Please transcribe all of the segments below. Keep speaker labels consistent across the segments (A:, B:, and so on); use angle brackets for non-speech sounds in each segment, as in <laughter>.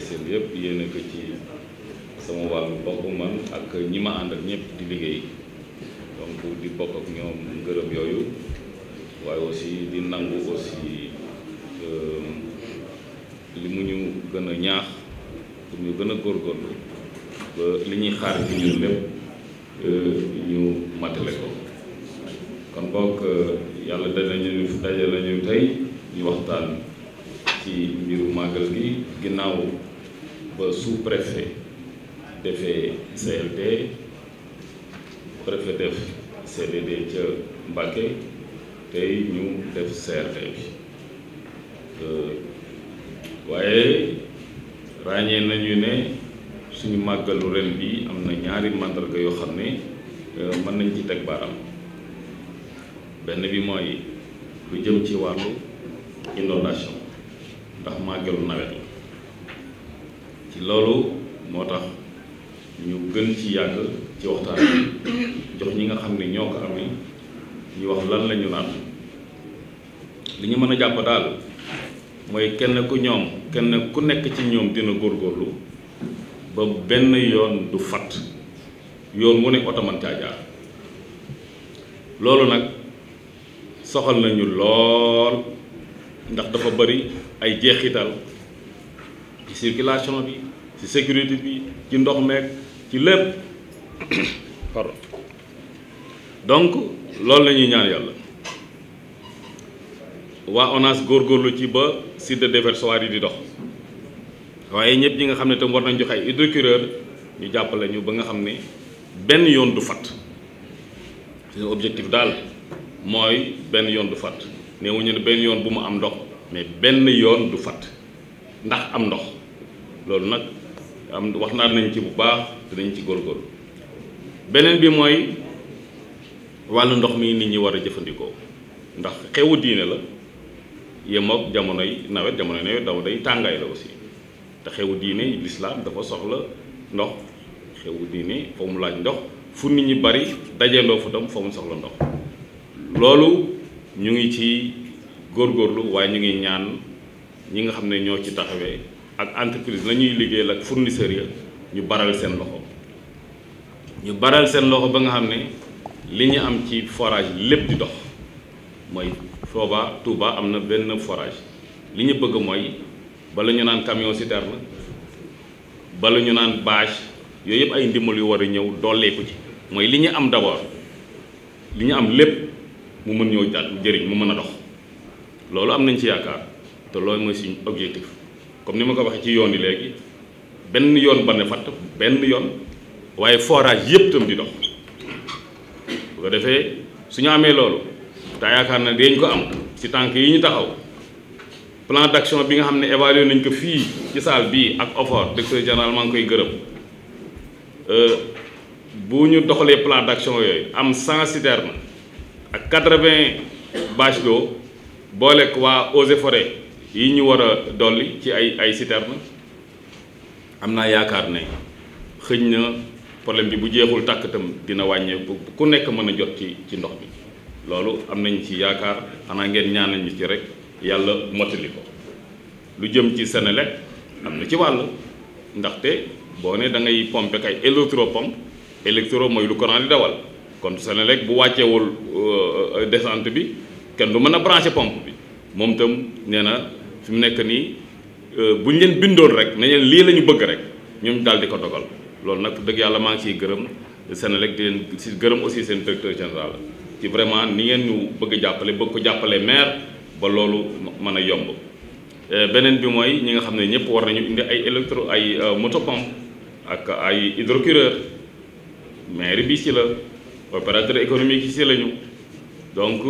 A: PCB yëpp yéene ko ci sama wàllu bopp man ak ñi ma ànd ñépp di liggéey donc di bokk ak ñoom gërëb yooyu waaye aussi di nangu aussi euh, li mu ñu gën a ñaax pour ñu gën a góorgóorlu ba li ñuy xaar ci ñun lépp euh, ñu matale kon boog euh, yàlla danañu dajal nañu tey ñu waxtaan ci mbiru màggal gi ginnaaw ba sous-préfet defee CLD préfet def CDD ca Mbacké tey ñu def CRD bi euh, waaye ràññee nañu ne suñu màggalu ren bi am na ñaari màndarga yoo xam ne euh, mën nañ ci teg baaraam benn bi mooy lu jëm ci wàllu inondation ndax màggalu nawet la ci loolu moo tax ñu gën ci yàgg ci waxtaan <coughs> jox ñi nga xam ne ñoo ko amee ñu wax lan la ñu naan li ñu mën a jàpp daal mooy kenn ku ñoom kenn ku nekk ci ñoom dina góorgóorlu ba benn yoon du fatt yoon wu ne oto man caa jaar loolu nag soxal nañu lool ndax dafa bari ay jeexital ci circulation bi ci sécurité bi ci ndox meeg ci lépp <coughs> pardon donc loolu la ñuy ñaan yàlla waa góor góorgóorlu ci ba site de déversoir yi di dox waaye ñëpp ñi nga xam ne tam war nañ joxe ay hydrocureur ñu jàppale ñu ba nga xam ni benn yoon du fat suñu objectif daal mooy benn yoon du fat néewuñu ne benn yoon bu mu am ndox mais benn yoon du fat ndax am ndox loolu nag am wax naa nañ ci bu baax dinañ ci góorgóorlu beneen bi mooy wàllu ndox mi nit ñi war a jëfandikoo ndax xewu diine la yem ak jamonoy nawet jamonoy nawet daw day tàngaay la aussi te xewu diine lislaam dafa soxla ndox xewu diine fa mu laaj ndox fu nit ñi bari dajeendoo fa tam fa mu soxla ndox loolu ñu ngi ci góor góorlu waaye ñu ngi ñaan ñi nga xam ne ñoo ci taxawee ak entreprise la ñuy liggéeyal ak fournisseurs ya ñu baral seen loxo ñu baral seen loxo ba nga xam ne li ñu am ci forage lépp di dox mooy Fooba Touba am na benn forage li ñu bëgg mooy bala ñu naan camion citerne bala ñu naan bâche yooyu yëpp ay ndimbal yu war a ñëw dooleeku ci mooy li ñu am d'abord li ñu am lépp mu mën ñëw jàll jëriñ mu mën a dox loolu am nañ ci yaakaar te loolu mooy suñu objectif. comme ni ma ko waxee ci yoon yi léegi benn yoon ba ne fatt benn yoon waaye forage yëpp tam di dox bu ko defee su ñu amee loolu te yaakaar na dañ ko am ci tànk yi ñu taxaw plan d'action bi nga xam ne évalué nañ ko fii ci salle bi ak OFOR directeur général maa ngi koy gërëm euh, bu ñu doxalee plan d'action yooyu am 100 citernes ak 80 bâche boo booleeg waa eaux forêt yi ñu war a dolli ci ay ay citerne am naa yaakaar ne xëñ na problème bi bu jeexul tàkk itam dina wàññeeku ku nekk mën a jot ci ci ndox bi loolu am nañ ci yaakaar xanaa ngeen ñaanal ñu ci rek yàlla mottali ko lu jëm ci Senelec am na ci wàll ndaxte boo ne dangay ngay pompe ak ay électropompe électro mooy lu courant di dawal kon Senelec bu wàcceewul euh, desant bi kenn du mën a branché pompe bi moom itam nee fi mu nekk nii euh, bu ñu leen bindoon rek ne leen lii la ñu bëgg rek ñoom daal di ko dogal loolu nag dëgg yàlla maa ngi ciy gërëm seen di leen si gërëm aussi seen directeur général ci vraiment ni ngeen ñu bëgg jàppale bëgg ko jàppale maire ba loolu mën a yomb. Euh, beneen bi mooy ñi nga xam ne ñëpp war nañu indi ay électro ay euh, motopompe ak ay hydrocureur maire bi si la opérateur économique yi si lañu donc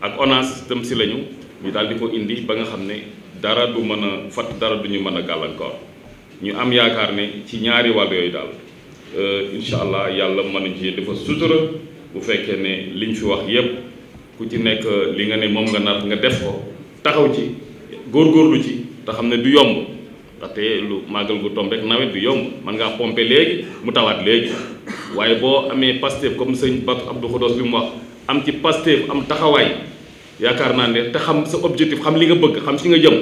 A: ak ONAS tam si lañu ñu daal ko indi ba nga xam ne. dara du mën a fat dara du ñu mën a gàllankoor ñu am yaakaar ne ci ñaari wàll yooyu daal euh, incha allah yàlla mën nañu ci dafa sutura bu fekkee ne liñ fi wax yépp ku ci nekk li nga ne moom nga nar nga def ko taxaw ci góorlu ci te xam ne du yomb ndaxte lu màggal gu tombeek nawet du yomb man ngaa pompe léegi mu tawaat léegi waaye boo amee Pastef comme sëñ Bass Abdou Khoudous bi mu wax am ci Pastef am taxawaay. yaakaar naa ne te xam sa objectif xam li nga bëgg xam si nga jëm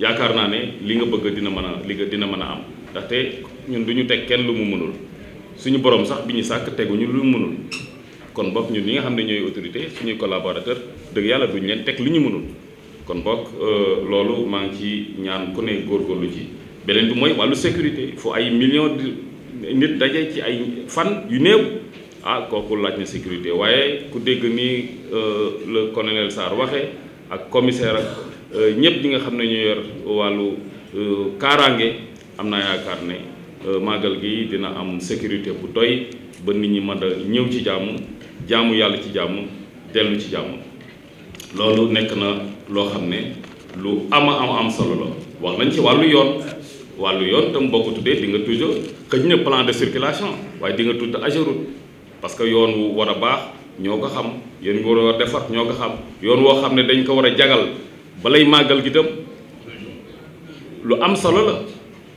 A: yaakaar naa ne li nga bëgg dina mën a li nga dina mën a am ndaxte ñun du ñu teg kenn lu mu mënul suñu borom sax bi ñu sàkk teguñu lu mu mënul kon bokk ñun li nga xam ne ñooy autorité suñuy collaborateur dëgg yàlla duñu leen teg lu ñu mënul kon bokk euh, loolu maa ngi ci ñaan ku ne góorgóorlu ci beneen bi mooy wàllu sécurité il faut ay millions nit daje ci ay fan yu néew ah kooku laaj na sécurité waaye ku dégg nii euh, le colonel Sarr waxe ak commissaire ak euh, ñëpp ñi nga xam ne ñu yor wàllu euh, kaaraange am na yaakaar ne màggal gi dina am sécurité bu doy ba nit ñi mën a ñëw ci jàmm jaamu yàlla ci jàmm dellu ci jàmm
B: loolu nekk na
A: loo xam ne lu ama am am solo la wax nañ ci wàllu yoon wàllu yoon tam boo ko tuddee di nga tudd xëj na plan de circulation waaye di nga tudd AGEROUTE parce que yoon wu war a baax ñoo ko xam yéen nga war a defar ñoo ko xam yoon woo xam ne dañ ko war a jagal balay màggal gi tam lu am solo la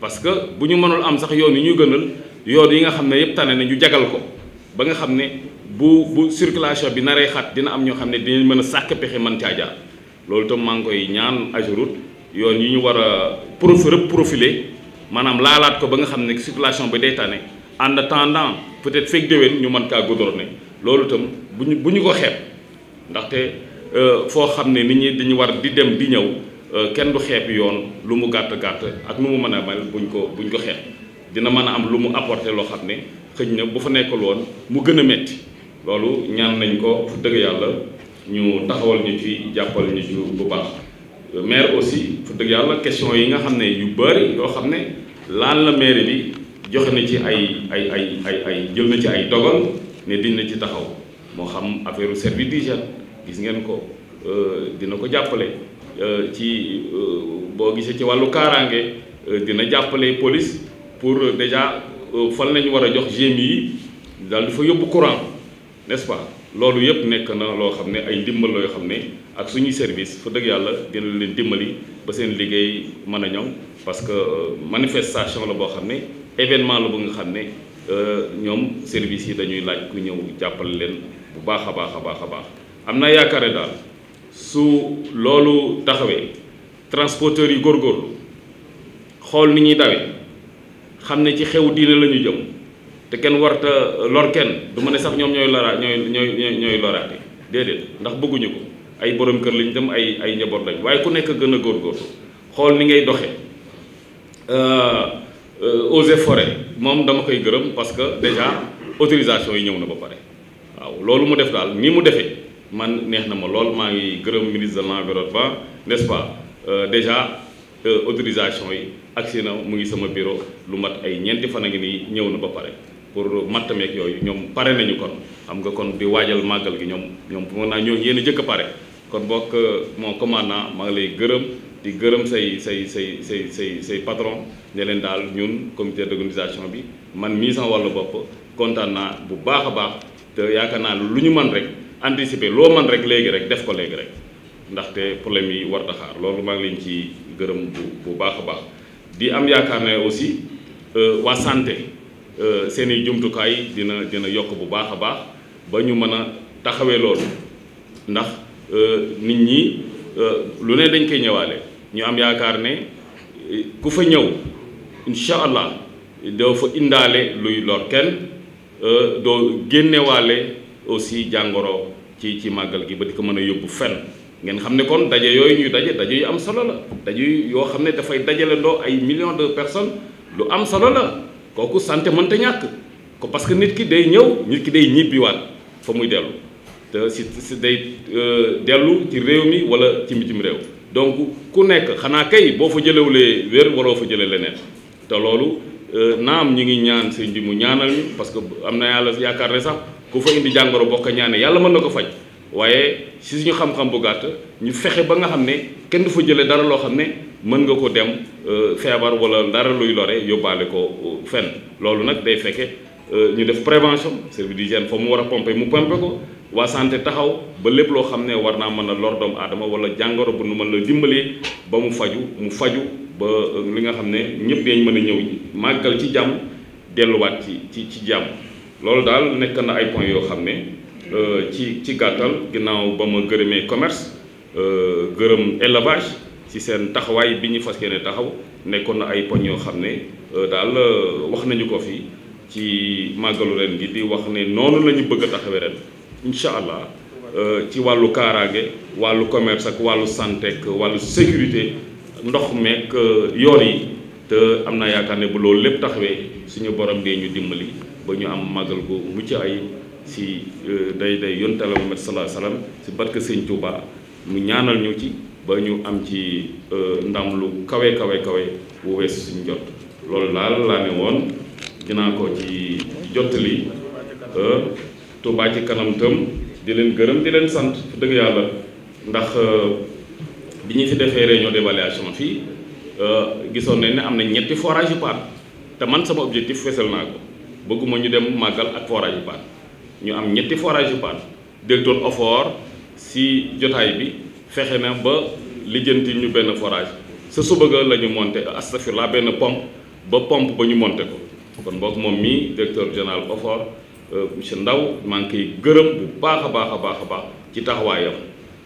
A: parce que bu ñu mënul am sax yoon yi ñu gënal yoon yi nga xam ne yëpp tane na ñu jagal ko ba nga xam ne bu bu circulation bi naree xat dina am ñoo xam ne dinañ mën a sàkk pexe mën caa jaar loolu tam maa ngi koy ñaan Ageroute yoon yi ñu war a profi reprofiler maanaam laalaat ko ba nga xam ne circulation bi day tane en attendant peut-être fekk déwén ñu mën kaa gouverner loolu tam bu ñu bu ñu ko xeeb ndaxte euh, foo xam ne nit ñi dañu war di dem di ñëw euh, kenn du xeeb yoon lu mu gàtt gàtt ak nu mu mën a mel buñ ko buñ ko xeeb dina mën a am lu mu apporter loo xam ne xëñ na bu fa nekkul woon mu gën a metti loolu ñaan nañ ko dëgg yàlla ñu taxawal ñu ci jàppal ñu ci bu baax euh, maire aussi fu dëgg yàlla question yi nga xam ne yu bëri yoo xam ne laal la maire bi joxe na ci ay ay ay ay ay jël na ci ay dogal ne dina ci taxaw moo xam affaire service d'hygiène gis ngeen ko euh, dina ko jàppale euh, ci euh, boo gisee ci wàllu kaaraange dina jàppale police pour déjà fan lañu war a jox GMI yi daal di fa yóbbu courant n'est-ce pas loolu yëpp nekk na loo xam ne ay ndimbal la yoo xam ne ak suñuy service fa dëgg yàlla dina leen dimbali ba seen liggéey mën a ñoŋ parce que manifestation la boo xam ne événement la bu nga xam ne euh, ñoom service yi dañuy laaj ku ñëw jàppale leen bu baax a baax a baax a baax am naa yaakaare daal su loolu taxawee transporteurs yi góorgóorlu xool ni ñuy dawee xam ne ci xew diine la ñu jëm te kenn warta lor kenn du ma ne sax ñoom ñooy loraa ñooy ñooy ñooy loraate déedéet ndax bëgguñu ko ay boroom kër lañu dem ay ay njaboot lañ waaye ku nekk gën a góorgóorlu xool ni ngay doxee. Euh, Euh, eaux et forêts moom dama koy gërëm parce que déjà autorisation yi ñëw na ba pare waaw loolu mu def daal ni mu defee man neex na ma lool maa ngi gërëm ministre de l'environnement n'est-ce pas euh, déjà euh, autorisation yi agsi na mu ngi sama bureau lu mat ay ñeenti fan a ngi nii ñëw na ba pare pour mattameeg yooyu ñoom pare nañu kon xam nga kon di waajal màggal gi ñoom ñoom mën naa ñoo yéen a jëkk a pare kon bokk mon commandant maa ngi lay gërëm di gërëm say say say say say say patron ne leen daal ñun comité d'organisation bi man mii sama wàllu bopp kontaan naa bu baax a baax te yaakaar naa lu ñu man rek anticiper loo man rek léegi rek def ko léegi rek ndaxte problème yi war taxaar loolu maa ngi leen ci gërëm bu baax a baax di am yaakaar ne aussi euh, waa santé euh, seen i jumtukaay dina dina yokk bu baax a baax ba ñu mën a taxawee loolu ndax euh, nit ñi lu ne dañ koy ñëwaale ñu am yaakaar ne ku fa ñëw incha allah doo fa indaale luy lool kenn euh, doo génnewaale aussi jàngoro ci ci màggal gi ba di ko mën a yóbbu fen ngeen xam ne kon daje yooyu ñuy daje daje am solo la daje yoo xam ne dafay dajale ndoo ay millions de personnes lu am solo la kooku sante mënta ñàkk ko parce que nit ki day ñëw nit ki day ñibbiwaat fa muy dellu te si si day euh, dellu ci réew mi walla ci bitim réew donc ku nekk xanaa kay boo fa jëlewulee wér waroo fa jële leneen te loolu euh, naa am ñu ngi ñaan sëñ ji mu ñaanal ñu parce que am na yàlla yaakaar ne sax ku fa indi jàngoro bokk ñaane yàlla mën na ko faj waaye si suñu xam-xam bu gàtt ñu fexe ba nga xam ne kenn du fa jële dara loo xam ne mën nga ko dem euh, feebar wala dara luy lore yóbbaale ko euh, fen loolu nag day fekke ñu def prévention service d'hygiène fa mu war a pomper mu pomper ko waa santé taxaw ba lépp loo xam ne war naa mën a lor doomu aadama wala jàngoro bu nu mën la dimbalee ba mu faju mu faju ba euh, li nga xam ne ñëpp dañ mën a ñëw màggal ci jàmm delluwaat ci ci ci jàmm loolu daal nekk na ay points yoo xam ne euh, ci ci gàttal ginnaaw ba ma gërëmee commerce euh, gërëm élevage ci seen taxawaay bi ñu fas yéene taxaw nekkoon na ay poñ yoo xam ne daal wax nañu ko fii ci màggalu ren gi di wax ne noonu la ñu bëgg a taxawee ren. incha allah euh, ci wàllu kaaraange wàllu commerce ak wàllu santé ak wàllu sécurité ndox meek euh, yoon yi te am naa yaakaar ne bu loolu lépp taxawee suñu borom dee ñu dimbali ba ñu am màggal gu mucc ay si euh, day day yonte la Muhammad sallallahu alayhi wasallam si barke Sëñ Tuuba mu ñaanal ñu ci ba ñu am ci ndam lu kawe kawe kawe bu wees suñu jot loolu daal laa ne woon dinaa ko ci jottali Touba ci kanam tam di leen gërëm di leen sant fu dëgg yàlla ndax euh, bi ñu fi defee réunion d'évaluation fii euh, gisoon nañ ne am na ñetti forage yu paan te man sama objectif fesal naa ko bëgguma ñu dem màggal ak forage yu paan ñu am ñetti forage yu paan directeur OFOR si jotaay bi fexe na ba lijjanti ñu benn forage sa suba ga la ñu monté astafurlah benn pompe ba pompe ba ñu monte ko kon boog moom mii directeur général OFOR Euh, monsieur Ndaw maa ngi koy gërëm bu baax a baax a baax a baax ci taxawaayam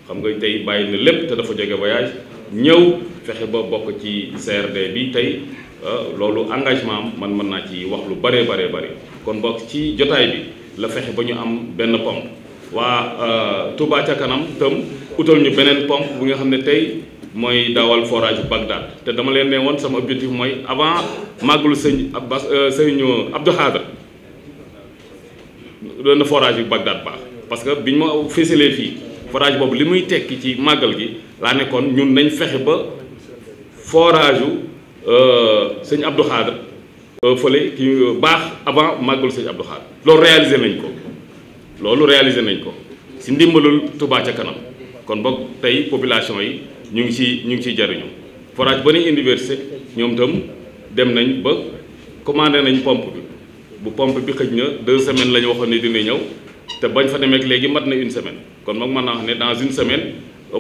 A: xam nga tey bàyyi na lépp te dafa jóge voyage ñëw fexe ba bokk ci CRD bi tey euh, loolu engagement am man mën naa ci wax lu bare bare bare kon bokk ci jotaay bi la fexe ba ñu am benn pompe waa euh, Touba ca kanam tam utal ñu beneen pompe bu nga xam ne tey mooy daawal forage Bagdad te dama leen ne woon sama objectif mooy avant màggalu sëñ Abbas sëñ Abdou Khadre benn forage yu Bagdad baax parce que biñ ma fésalee fii forage boobu li muy tekki ci màggal gi laa nekkoon ñun nañ fexe ba forage yu euh, sëñ Abdou Khadre euh, fële ki euh, baax avant màggalu sëñ Abdou Khadre loolu réalisé nañ ko loolu réaliser nañ ko si ndimbalul tubaa ca kanam kon boog tey population yi ñu ngi ci ñu ngi ciy jariñu forage ba ne université ñoom itam dem nañ ba commandé nañ pompe bi bu pompe bi xëj na deux semaine la ñu waxoon ne dina ñëw te bañ fa demee léegi mat na une semaine kon moom mën naa wax ne dans une semaine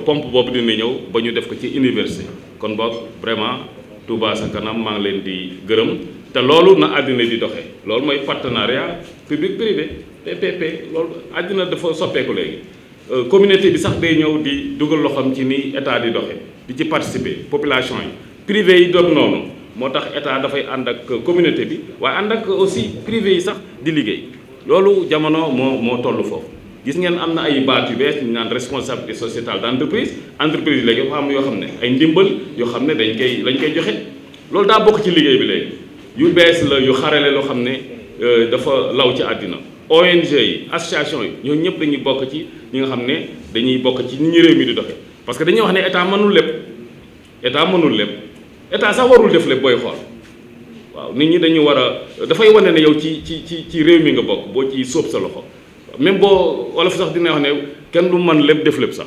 A: pompe boobu dina ñëw ba ñu def ko ci université kon boog vraiment Touba sa kanam maa ngi leen di gërëm te loolu na àddina di doxee loolu mooy partenariat public privé PPP loolu àddina dafa soppeeku léegi euh, communauté bi sax day ñëw di dugal loxoom ci ni état di doxee di ci participer population yi privé yi doon noonu moo tax état dafay ànd ak communauté bi waaye ànd ak aussi privé yi sax di liggéey loolu jamono moo moo toll foofu gis ngeen am na ay baat yu bees ñu naan responsabilité sociétale d' entreprise entreprise yi léegi dafa am yoo xam ne ay ndimbal yoo xam ne dañ koy lañ koy joxe loolu daa bokk ci liggéey bi léegi yu bees la yu xarale loo xam ne euh, dafa law ci àddina ONG yi association yi ñoo ñëpp dañuy bokk ci ñi nga xam ne dañuy bokk ci ni ñu réew mi di doxee parce que dañuy wax ne état mënul lépp état mënul lépp état sax warul def le booy xool waaw nit ñi dañu war a dafay wane ne yow ci ci ci ci réew mi nga bokk boo ci sóob sa loxo même boo wolof sax dina wax ne kenn du man lépp def lépp sax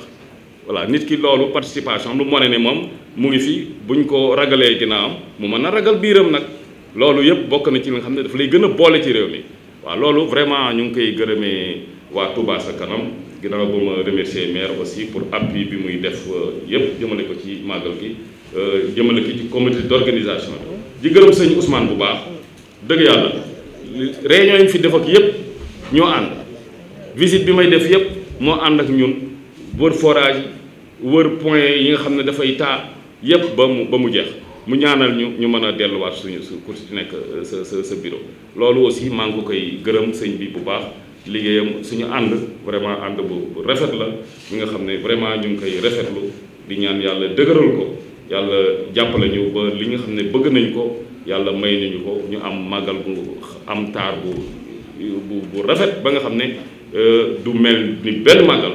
A: voilà nit ki loolu participation lu wane ne moom mu ngi fi buñ ko ragalee am mu mën a ragal biiram nag loolu yëpp bokk na ci li nga xam ne dafa lay gën a boole ci réew mi waaw loolu vraiment ñu ngi koy gërëmee waa Touba sa kanam ginnaaw ba ma remercier maire aussi pour appui bi muy def euh, yëpp jëmale ko ci màggal gi Euh, jëmale ki ci comité d'organisation di gërëm sëñ Ousmane bu baax dëgg yàlla réunion yi fi def ak yëpp ñoo ànd visite bi may def yëpp moo ànd ak ñun wër forage wër point yi nga xam ne dafay taa yëpp ba mu ba mu jeex mu ñaanal ñu ñu mën a delluwaat suñu su ku ci nekk euh, sa sa sa bureau loolu aussi maa ngi koy gërëm sëñ bi bu baax liggéeyam suñu ànd vraiment ànd bu rafet la mi nga xam ne vraiment ñu ngi koy rafetlu di ñaan yàlla dëgëral ko yàlla jàppale ñu ba li nga xam ne bëgg nañ ko yàlla may nañu ko ñu am màggal bu am taar bu bu rafet ba nga xam ne euh, du mel ni benn màggal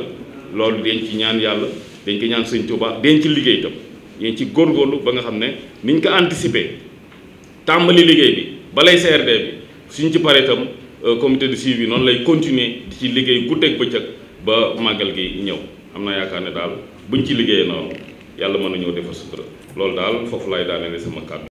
A: loolu dañ ñaan yàlla dañ ko ñaan sëñ Tuubaa dañ ci liggéey itam dañ ci góorgóorlu ba nga xam ne niñ ko anticiper tàmbali liggéey bi balay CRD bi suñ ci paree itam euh, comité de bi noonu lay continuer di ci liggéey guddeeg bëccëg ba màggal gi ñëw am na yaakaar ne daal buñ ci liggéeyee noonu. yàlla mën na ñoo defar sutura loolu daal foofu laay daaneele sama kàddu